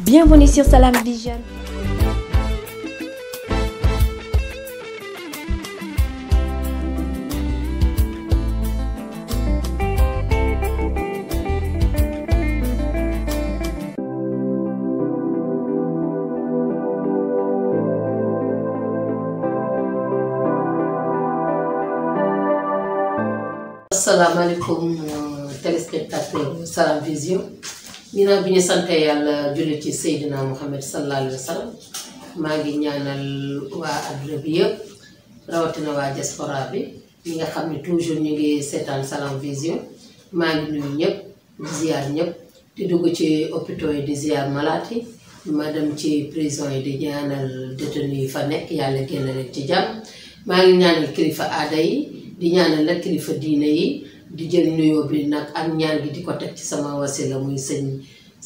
Bienvenue sur Salam Vision. asalaamaaleykum euh, téléspectateur Salam Vision. ginnaaw bi ñu sante yàlla julli ci Seydina Muhammad sallallahu alayhi maa ngi ñaanal waa adduna bi yëpp rawatina waa diaspora bi nga xam ne toujours ñu ngi seetaan Salam Vision maa ngi nuyu ñëpp di ziar ñëpp di dugg ci hôpitaux yi di ziar malade ma dem ci prison yi di ñaanal détenu yi fa nekk yàlla génn leen ci jàmm maa ngi ñaanal kilifa aada yi di ñaanal la kilifa diine yi di jël nuyoo bi nag ak ñaan bi di ko teg ci sama wasila muy sëñ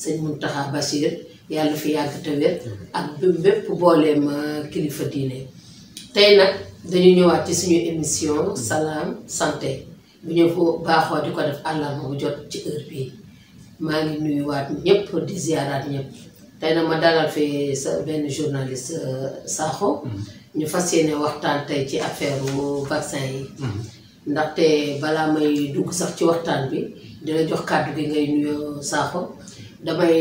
sëñ Muntaxa Bachir yàlla fi yàgg te wér ak bépp booleem euh, kilifa diine tey nag dañu ñëwaat ci suñu émission salaam santé bu ñu ko baaxoo di ko def àllarba bu jot ci heure bii maa ngi nuyuwaat ñëpp di ziaraat ñëpp tey nag ma dalal fi sa benn journaliste euh, Sakho mm-hmm. ñu fas yéene waxtaan tey ci affaire vaccin yi. Mm-hmm. ndaxte balaa may dugg sax ci waxtaan bi dina jox kàddu bi ngay nuyoo saako damay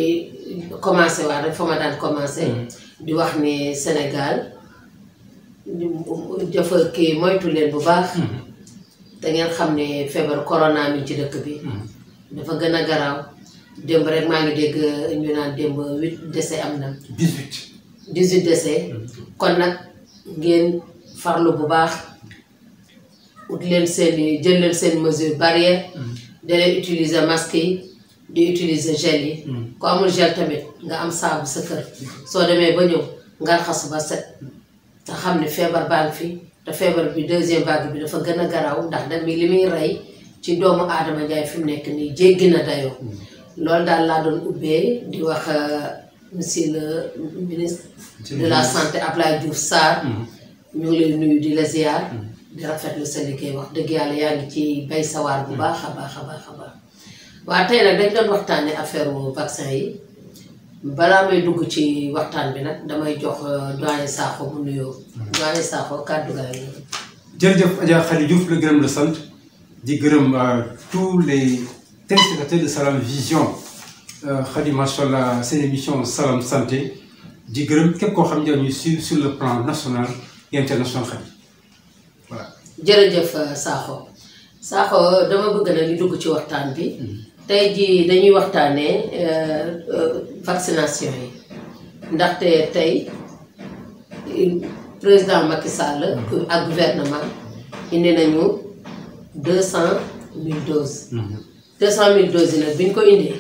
commencé waat rek fa ma daan commencé. Mm-hmm. di wax ni Sénégal dafa kii moytu leen bu baax. Mm-hmm. te ngeen xam ne feebar corona mi ci dëkk bi. Mm-hmm. dafa gën a garaaw démb rek maa ngi dégg ñu naan démb huit dese am na. dix huit dix kon nag ngeen farlu bu baax. ut leen i jël seen mesure barrière mm-hmm. da leen utiliser masque yi di utiliser gel yi mm-hmm. ku amul gel tamit nga am saabu sa kër soo demee ba ñëw nga raxasu ba set mm-hmm. te xam ni feebar baa ngi fi te feebar bi deuxième vague bi dafa gën a garaw ndax da mi li muy rey ci doomu aadama njaay fi nekk nii jéggi na dayoo loolu daal laa doon ubbee di wax euh, monsieur le ministre de la santé Abdoulaye Diouf Sarr ñu ngi lay nuyu di la di rafetlu sa liggéey wax dëgg yàlla yaa ci bay sawaar bu baax a baax a baax a baax waa tey nag dañ doon waxtaanee affaire vaccin yi balaa may dugg ci waxtaan bi nag damay jox euh, doyen Sakho bu nuyoo. doyen Sakho kàddu gaal yi. jërëjëf Adja Khady Diouf la gërëm la sant di gërëm euh, tous les téléspectateurs de Salam Vision euh, Khady macha seen émission Salam Santé di gërëm képp koo xam ne su sur le plan national et international Khady. jërëjëf euh, Sakho Sakho dama bëgg na ñu dugg ci waxtaan bi mm-hmm. tey jii dañuy waxtaanee euh, euh, vaccination yi ndaxte tey président Macky Sall mm-hmm. ak gouvernement indi nañu deux cent mille doses mm-hmm. deux cent mille doses yi nag bi ñu ko indee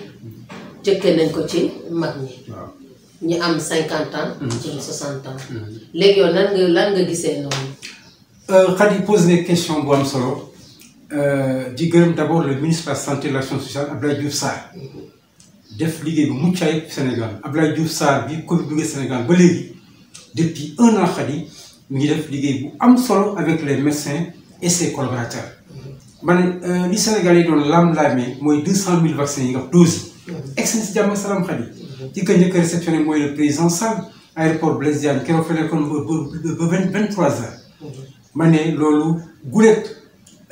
jëkkee nañ ko ci mag ñi ñu am cinquante ans ci soixante ans léegi yow nan nga lan nga gisee noonu xat euh, yi pose ne question bu am solo euh, di gërëm d' abord ministre de la santé et de l' action sociale Abdoulaye Diouf Sarr def liggéey bu mucc ayib Sénégal Abdoulaye Diouf Sarr bi Covid duggee Sénégal ba léegi depuis un an xat yi mu ngi def liggéey bu am solo avec les médecins et ses collaborateurs. ma ne euh, li Sénégal yi doon lam-laamee mooy deux cent mille vaccins yi nga xam doses yi. si jàmm salaam xat yi. ki ko njëkk a réceptionné mooy le président Sall aéroport Blaise Diagne ma ne loolu gulet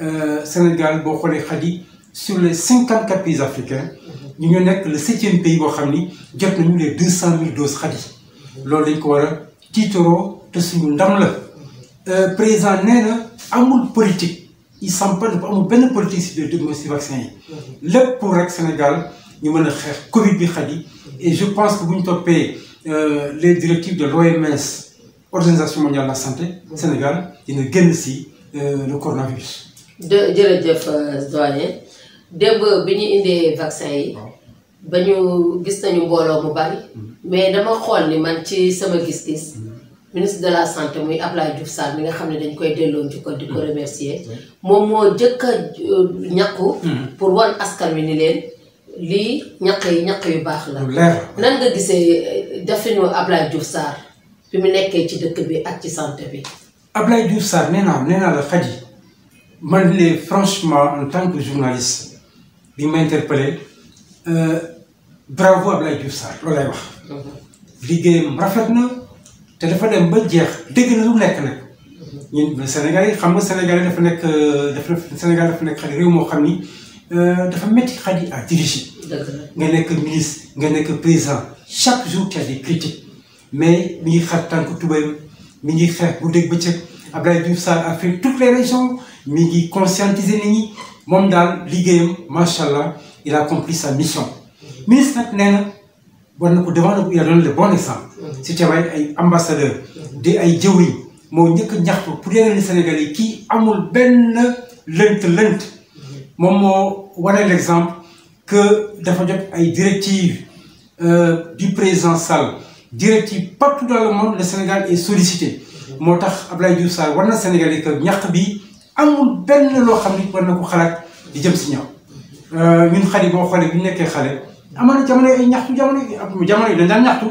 euh, Sénégal boo xoolee xadi sur les cinquante quatre pays africains mhm. ñu ñoo nekk le septième pays boo xam ni jot nañu les deux cent mille doses mhm. loolu lañ ko war a tiitaroo te suñu ndam la mhm. euh, président nee na amul politique il s'empare ba amul benn politique si de si vaccin yi lépp pour rek Sénégal ñu mën a xeex Covid bi xadi et je pense que bu ñu toppee euh, les directives de l'OMS organisation mondiale de la santé. Mm-hmm. Sénégal dina génn si euh, le coronavirus. de jërëjëf euh, doyen démb bi ñu indee vaccin yi. ba gis nañu mbooloo mu mm-hmm. mais dama xool ni man ci sama gis-gis. Mm-hmm. de la santé muy Abdoulaye Diouf Sarr mi nga xam ne dañ koy delloo njukkal di ko remercier moom moo jëkk a euh, pour wan askan wi ni leen lii ñàkk yi ñaq yu baax la. nan nga gisee definu Abdoulaye Diouf Sarr. fi mu nekkee ci dëkk bi ak ci santé bi. Ablaye Diouf Sarr nee naa nee la xaj man de franchement en tant que journaliste bi ma interpellé euh, bravo Ablaye Diouf Sarr loolay wax. Mhm. liggéeyam rafet na te dafa dem ba jeex dégg na lu nekk nag. ñun Sénégal yi xam nga Sénégal yi dafa nekk euh, dafa Sénégal dafa nekk xaj réew moo xam ni euh, dafa métti xaj yi à diriger. nga nekk ministre nga nekk président chaque jour tu as des mais mi ngi xar tànk tubayam mi ngi xeex guddeeg bëccëg Abdoulaye Diouf Sarr a fait toutes les régions mi ngi conscientiser nit ñi moom daal liggéeyam macha allah il a accompli sa mission. ministre nag nee na na ko devant na ko il a donné le bon exemple. si teewaay ay ambassadeur di ay jëwriñ moo njëkk ñax ñaxtu pour yeneen Sénégal yi kii amul benn lënt-lënt. moom moo wane l'exemple que dafa jot ay directives euh, du président Sall. directive partout dans moom monde le Sénégal est sollicité moo tax Abdoulaye Diouf Sarr war na Sénégal yi que ñax bi amul benn loo xam ni war na ko xalaat di jëm si ñaw euh, ñun xale boo xoolee bu ñu nekkee xale amoon na jamono ay ñaxtu jamono jamono yi dañ daan ñaxtu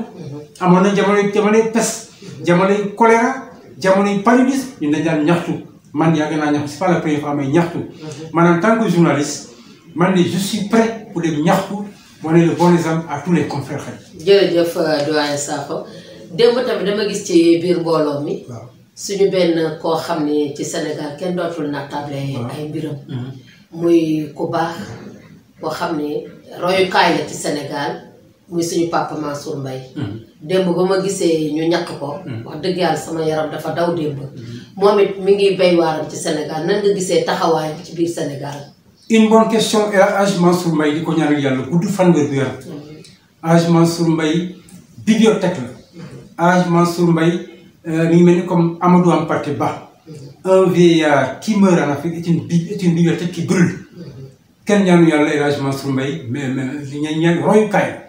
amoon na jamono jamono pes jamono choléra jamono paludisme ñun dañ daan ñaxtu man yàgg naa ñaxtu c'est pas la première fois may ñaxtu mhm. man en tant que journaliste man ne je suis prêt pour dem ñaxtu wane le bon exemple à jërëjëf euh, doyen Sakho démb tamit dama gis ci biir mbooloo mi. waaw suñu benn koo xam ne ci Sénégal kenn dootul na table ay mbiram. Mhm. muy ku baax koo xam ni royukaay la ci Sénégal. muy suñu papa Mansour Mbaye mhm. démb ba ma gisee ñu ñàkk ko mhm. wax dëgg sama yaram dafa daw démb moom it mi ngi béy ci Sénégal nan nga gisee taxawaay ci biir Sénégal une bonne question El Hadj Mansour Mbaye di ko ñaanal yàlla gudd fan wér gu yaram Hadj Mansour Mbaye bibliothèque la Hadj Mansour Mbaye euh, mi ngi mel ni comme Amadou Hampâté Bâ un vieillard qui meurt en Afrique est une est une bibliothèque kenn ñaanu yàlla El Hadj Mansour mais mais ñaan ñaan royukaay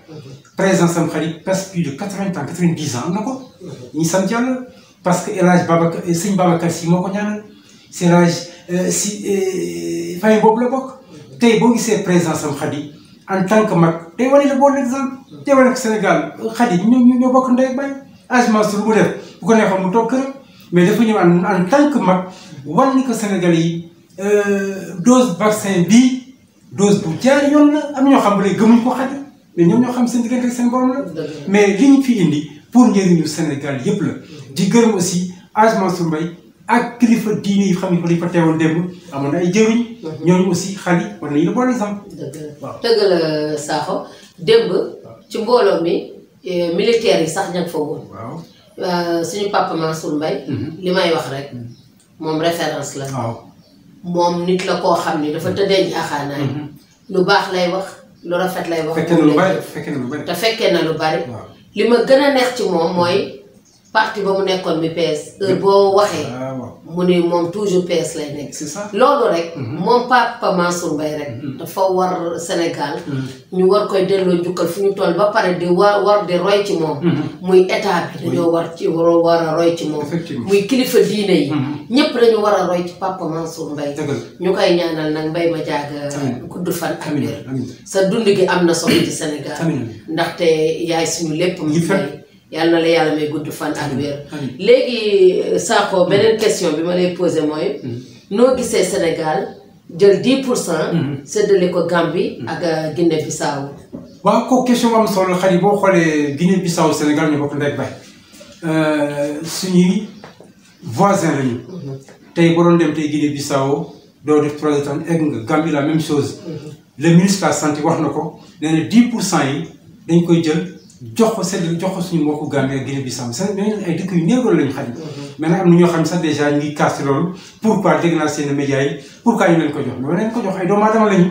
présence xarit presque plus de quatre-vingts ans quatre-vingt-dix ans am na ko ñu sant yàlla parce que El Hadj Babacar sëñ Babacar si moo ko ñaanal c'est El Euh, si famille euh, boobu la bokk. tey boo gisee présence am Khady en tant que mag day wane le bon exemple. day wane ko Sénégal Khady ñu ñoo bokk ndee ak baay Hadj Mansour bu def bu ko neexoon mu toog këram mais dafa ñëw en en tant que mag wan ni ko Sénégal yi euh, dose vaccin bi dose bu jaar yoon la am ñoo xam ne gëmuñ ko Khady mais ñoom ñoo xam seen diggante seen borom la. mais li ñu fi indi pour njëriñu Sénégal yëpp la. di gërëm aussi Hadj Mansour Mbaye ak kilifa diine yi xam ne fa lañ fa teewal démb amoon na ay jëriñ. Mhm. ñooñu aussi xale yi war nañu la bon exemple. dëgg la dëgg démb ci mbooloo mi eh, militaire yi sax ña fa woon. waaw euh, suñu papa Mansour Mbaye. Mhm. li may wax rek mhm. moom référence la. moom nit la koo xam ni dafa tëddee jaaxaanaay. lu baax lay wax lu rafet lay wax. fekkee na lu bari te fekkee na lu bari. li ma gën a neex ci moom mooy parti ba mu nekkoon bi PS boo waxee. mu ne moom toujours PS lay nekk. c'est ça loolu rek. Mhm. moom Papa Mansour Mbaye rek. Mhm. dafa war Sénégal. Mhm. ñu war koy delloo jukkal fu ñu toll ba pare di war war di roy ci moom. muy état bi dañoo war ci war a roy ci moom. muy kilifa diine yi. ñépp dañu war a roy ci Papa Mansour bay ñu koy ñaanal nag Mbaye ma jaag gudd fan. amiin sa dund gi am na solo ci Sénégal. ndaxte yaay suñu lépp. mu yàlla na la yàlla may gudd fan ak wér léegi euh, Sakho mm-hmm. beneen question bi ma lay posé mooy mm-hmm. noo gisee Sénégal jël 10 pour cent mm-hmm. séddale ko Gambie ak euh, Guinée Bissau waaw ko question am solo xar boo xoolee Guinée Bissau Sénégal ñu bokk ndey bay euh, suñuy voisin lañu tey boo doon dem tey Guinée Bissau doo def trois ans egg nga Gambie la même chose le ministre de santé wax na ko nee na pour cent yi dañ koy jël jox ko seen jox ko suñu mbokku Gambie ak Guinée Bissau sax ñooñu ay dëkk yu néew loolu lañu xaj. Mhm. mais nag am na ñoo xam sax dèjà ñu ngi kaas loolu pourquoi dégg naa seen médias yi pourquoi ñu leen ko jox loolu leen ko jox ay doomu aadama lañu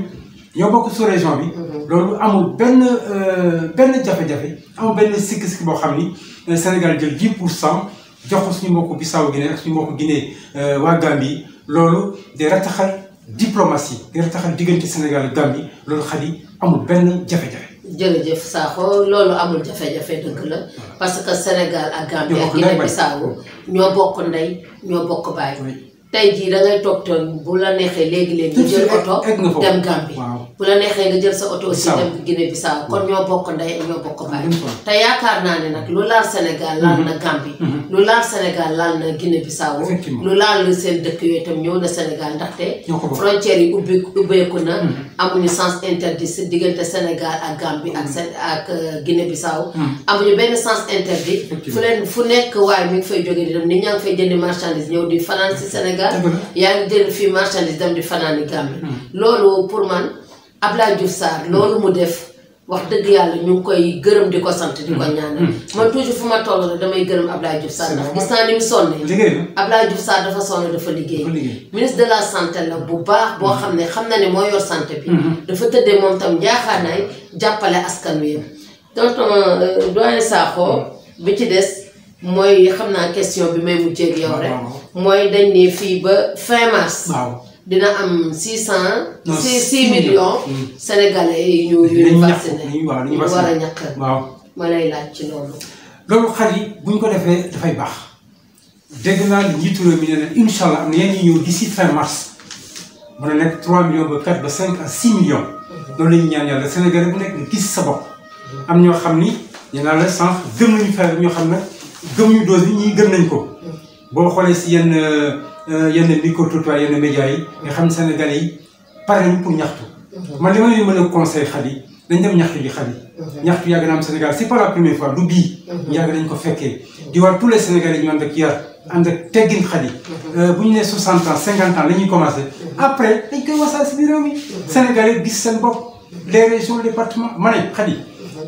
ñoo bokk mhm. loolu amul benn euh, benn jafe-jafe amul benn sikk-sikk boo xam ni euh, Sénégal jël 10 pour cent jox ko suñu mbokku Bissau Guinée ak suñu mbokku Guinée euh, waa Gambie loolu day rataxal diplomatie day rataxal diggante Sénégal ak Gambie loolu xaj yi amul benn jafe-jafe. jërëjëf Sakho loolu amul jafe-jafe dëgg la parce que Sénégal ak Gambie ak Guinée Bissau ñoo bokk ndey ñoo bokk baay tey jii da ngay toog toon bu la neexee léegi-léegi nga jël oto dem Gambie bu la neexee nga jël sa oto aussi dem Guinée Bissau kon ñoo bokk ndey ñoo bokk baay te yaakaar naa ne nag lu laal Sénégal laal na mhm. Gambie mhm. lu laal senegal laal na Guinée Bissau lu laal seen dëkk yooyu itam ñëw na Sénégal ndaxte frontières yi ubbi ubbeeku na mhm. amuñu sens interdit si diggante Sénégal ak Gambie ak ak euh, Guinée Bissau amuñu benn sens interdit fu leen fu nekk waaye bi ngi fay jóge di dem nit ñaa ngi fay jëndi Sénégal Sénégal. yaa ngi jël fii marchandise dem di fanaani Gambie. Hmm. loolu pour man Abdoulaye Diouf Sarr hmm. loolu mu def. wax dëgg yàlla ñu ngi koy gërëm di ko sant di ko hmm. ñaanal. man toujours fu ma toll damay gërëm ab laa Sarr ndax gis naa ni mu sonnee. liggéey na Abdoulaye Diouf Sarr dafa sonn dafa liggéey. ministre de la santé la bu baax boo xam ne xam na ne moo yor sant bi. dafa tëddee moom tam njaaxaanaay jàppale askan wi yëpp. donc euh, doyen bi ci des. mooy xam naa question bi may mujjee ak yow rek. mooy dañ ne fii ba fin mars. dina am six cent. non six millions. Hmm. sénégalais yi ñu ñu vacciné ñu war a ñàkk waaw ma lay laaj ci loolu. loolu xar yi bu ñu ko defee dafay baax dégg naa li njiitu réew mi ne leen incha allah am na yenn yu la d'ici fin mars mën na nekk trois millions ba quatre ba cinq à six mhm. la ñu bu nekk gis sa mhm. am ñoo xam ni ñu naan la sànq gëm nañu fexe ñoo xam ne. gëmuñu dose bi ñii gën nañ ko boo xoolee si yenn euh, yenn micro trottoir yenn médias yi nga xam ne Sénégalais yi pare nañ pour ñaxtu man li ma leen mën a yi dañ dem ñaxtu ji xale yi ñaxtu yàgg na am Sénégal c'est pas du bii yàgg nañ ko fekkee di war tous les Sénégalais ñu ànd ak yar ànd ak teggin xale euh, bu ñu nee soixante ans cinquante ans la ñuy commencé après dañ koy wasaare si biir réew mi Sénégalais gis seen bopp les régions département ma ne xale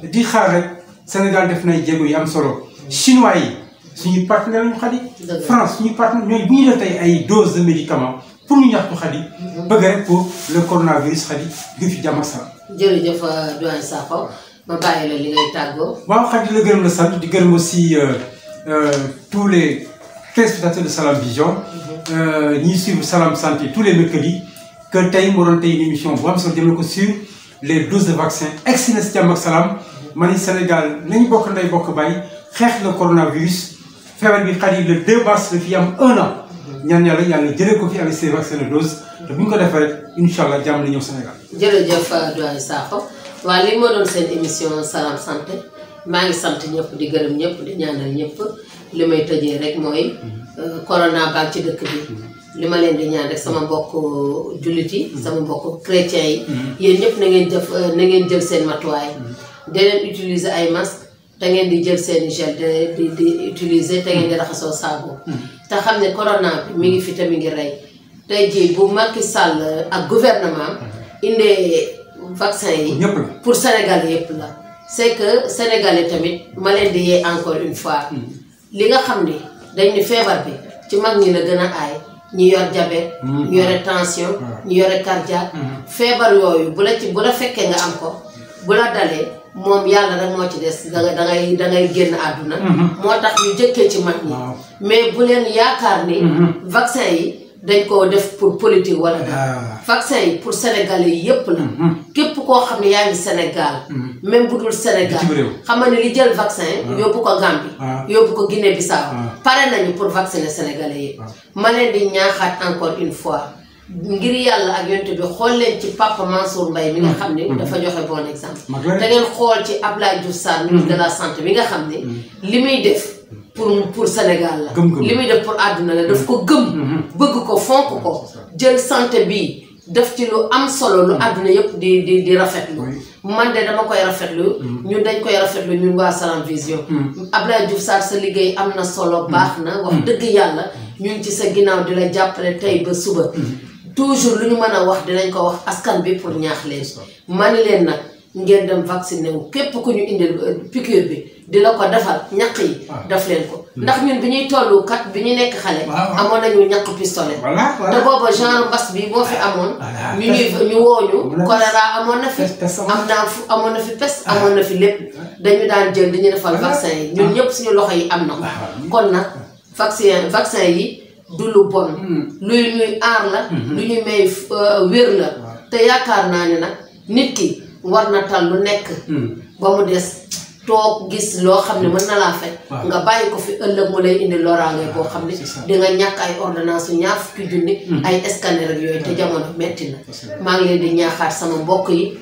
yi di xaar rek Sénégal def nay jéego yi am solo chinois yi suñu partenaire lañu xadi France suñuy partenaire ñooy bu ñuy def tey ay dose de médicament pour ñu ñaxtu xadi mhm. bëgg rek pour le coronavirus xadi du fi jàmm ak salaam jërëjëf euh, doyen la li ngay tàggoo waaw xadi la gërëm la euh, euh, les téléspectateurs de Salam Vision mhm. ñuy suivre Salam Santé tous les mercredis que tey moo doon émission bu am solo les doses de vaccin egsi na si jàmm ak salaam mhm. ma ni Sénégal nañ bokk ndey bokk bàyyi xeex le coronavirus feebar bi xar yi le 2 mars la fi am un an ñaan yàlla yàlla jëlee ko fi avec ses vaccins de te bu ñu ko defee rek incha allah jàmm la ñëw Sénégal. jërëjëf euh, Doyen Sakho waaw li moo doon seen émission sa Santé maa ngi sant ñëpp di gërëm ñëpp di ñaanal ñëpp li may tëjee rek mooy mhm. euh, corona baa ci dëkk bi. Mhm. li ma leen di ñaan rek sama mbokk euh, jullit yi mhm. sama mbokk chrétien yi yéen ñëpp na ngeen jëf na ngeen jël seen matuwaay di utiliser ay masque te ngeen di jël seeni gel di di utiliser te ngeen di raxasoo saabu. Hmm. te xam ne corona bi mi ngi fi te mi ngi rey tey jii bu Macky Sall ak gouvernement hmm. indee vaccin yi. pour Sénégal yëpp la. c'est que sénégalais tamit ma leen di yee encore une fois. Hmm. li nga xam ni dañu ni feebar bi ci mag ñi la gën a aay ñu yor diabète. ñu yore tension. ñu yore cardiaque. feebar yooyu bu la ci bu la fekkee nga am ko. bu la dalee moom yàlla rek moo ci des da ngay da ngay génn àdduna. Mhm. moo tax ñu jëkkee ci mag ñi. mais bu leen yaakaar ni. Mhm. vaccin yi dañ koo def pour politique wala dara. Ah. vaccin yi pour sénégalais yépp la. Mhm. képp koo xam ne yaa ngi Sénégal. même bu dul Sénégal xam nga ne li jël vaccin. Ah. yóbbu ko Gambie. Ah. yóbbu ko Guinée Bissau. pare nañu pour vacciner sénégalais yi. ma leen di ñaaxaat encore une fois. ngir yàlla ak yonte bi xool leen ci papa Mansour Mbaye mi nga xam ne mm. Mm. dafa joxe bon exemple te ngeen xool ci Abdoulaye Diouf Sarr ministre mm. de la santé bi nga xam ne li muy def pour pour Sénégal la li muy def pour àdduna la daf ko gëm mm-hmm. bëgg ko fonk ko jël santé bi def ci lu am solo lu àdduna yëpp di di di rafetlu man de dama koy rafetlu ñu dañ koy rafetlu ñu ngaa Salam Vision Abdoulaye Diouf Sarr sa liggéey am na solo baax na wax dëgg yàlla ñun ci sa ginnaaw di jàppale tey ba suba toujours lu ñu mën a wax dinañ ko wax askan bi pour ñaax leen ma ni leen nag ngeen dem vacciné wu képp ku ñu indil euh, piqûre bi dina ko defar ñaq yi ah. daf leen ko hmm. ndax ñun bi ñuy tollu kat bi ñu nekk xale amoon na nañu ñaq pistolet te booba genre mbas bi boo fi amoon ñu ñuy ñu wooñu choléra amoon na fi am naa fu amoon na fi pes ah. amoon na fi lépp dañu daan jël ñu defal vaccin yi ñun ah. ñëpp suñu loxo yi am na ko kon nag vaccin vaccin yi du lu bon hmm. luy ñuy aar la hmm. lu ñuy may euh, wér la te yaakaar naa ne nag nit ki war na tal lu nekk hmm. ba mu des toog gis loo xam ne mën na laa fekk nga bàyyi ko fi ëllëg mu lay indi loraange boo xam ne dinga ñàkk ay ordonnance ñaar fukki junni ay scanner yooyu te jamono metti na maa ngi leen di ñaaxaat sama mbokk yi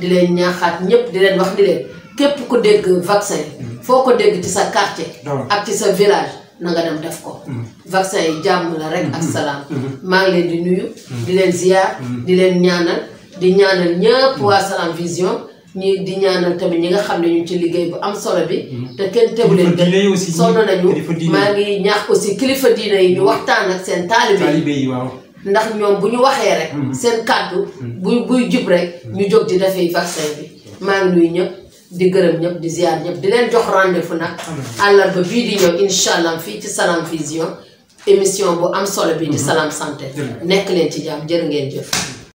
di leen ñaaxaat ñépp di leen wax di leen képp ku dégg vaccin foo ko dégg ci sa quartier ak ci sa village na dem def ko. Mm-hmm. vaccin yi jàmm la rek. ak mm-hmm. salaam. Mm-hmm. maa ngi leen di nuyu. di leen ziar. di leen ñaanal di ñaanal ñëpp waa Salam Vision. ñi di ñaanal tamit ñi nga xam ne ñu ci liggéey bu am solo bi. te kenn tegu leen gën sonn nañu maa ngi ñaax aussi kilifa diine yi ñu waxtaan ak seen. taalibe yi waaw. ndax ñoom bu ñu waxee rek. seen kàddu buy buy jub rek. ñu jóg di defee vaccin bi maa ngi ñëpp. di gërëm ñëpp di ziar ñëpp di leen jox rendez-vous nag. àllarba bii di ñëw incha allah fii ci Salam Vision émission bu am solo bi di Salam Santé. nekk leen ci jaam jër ngeen jëf.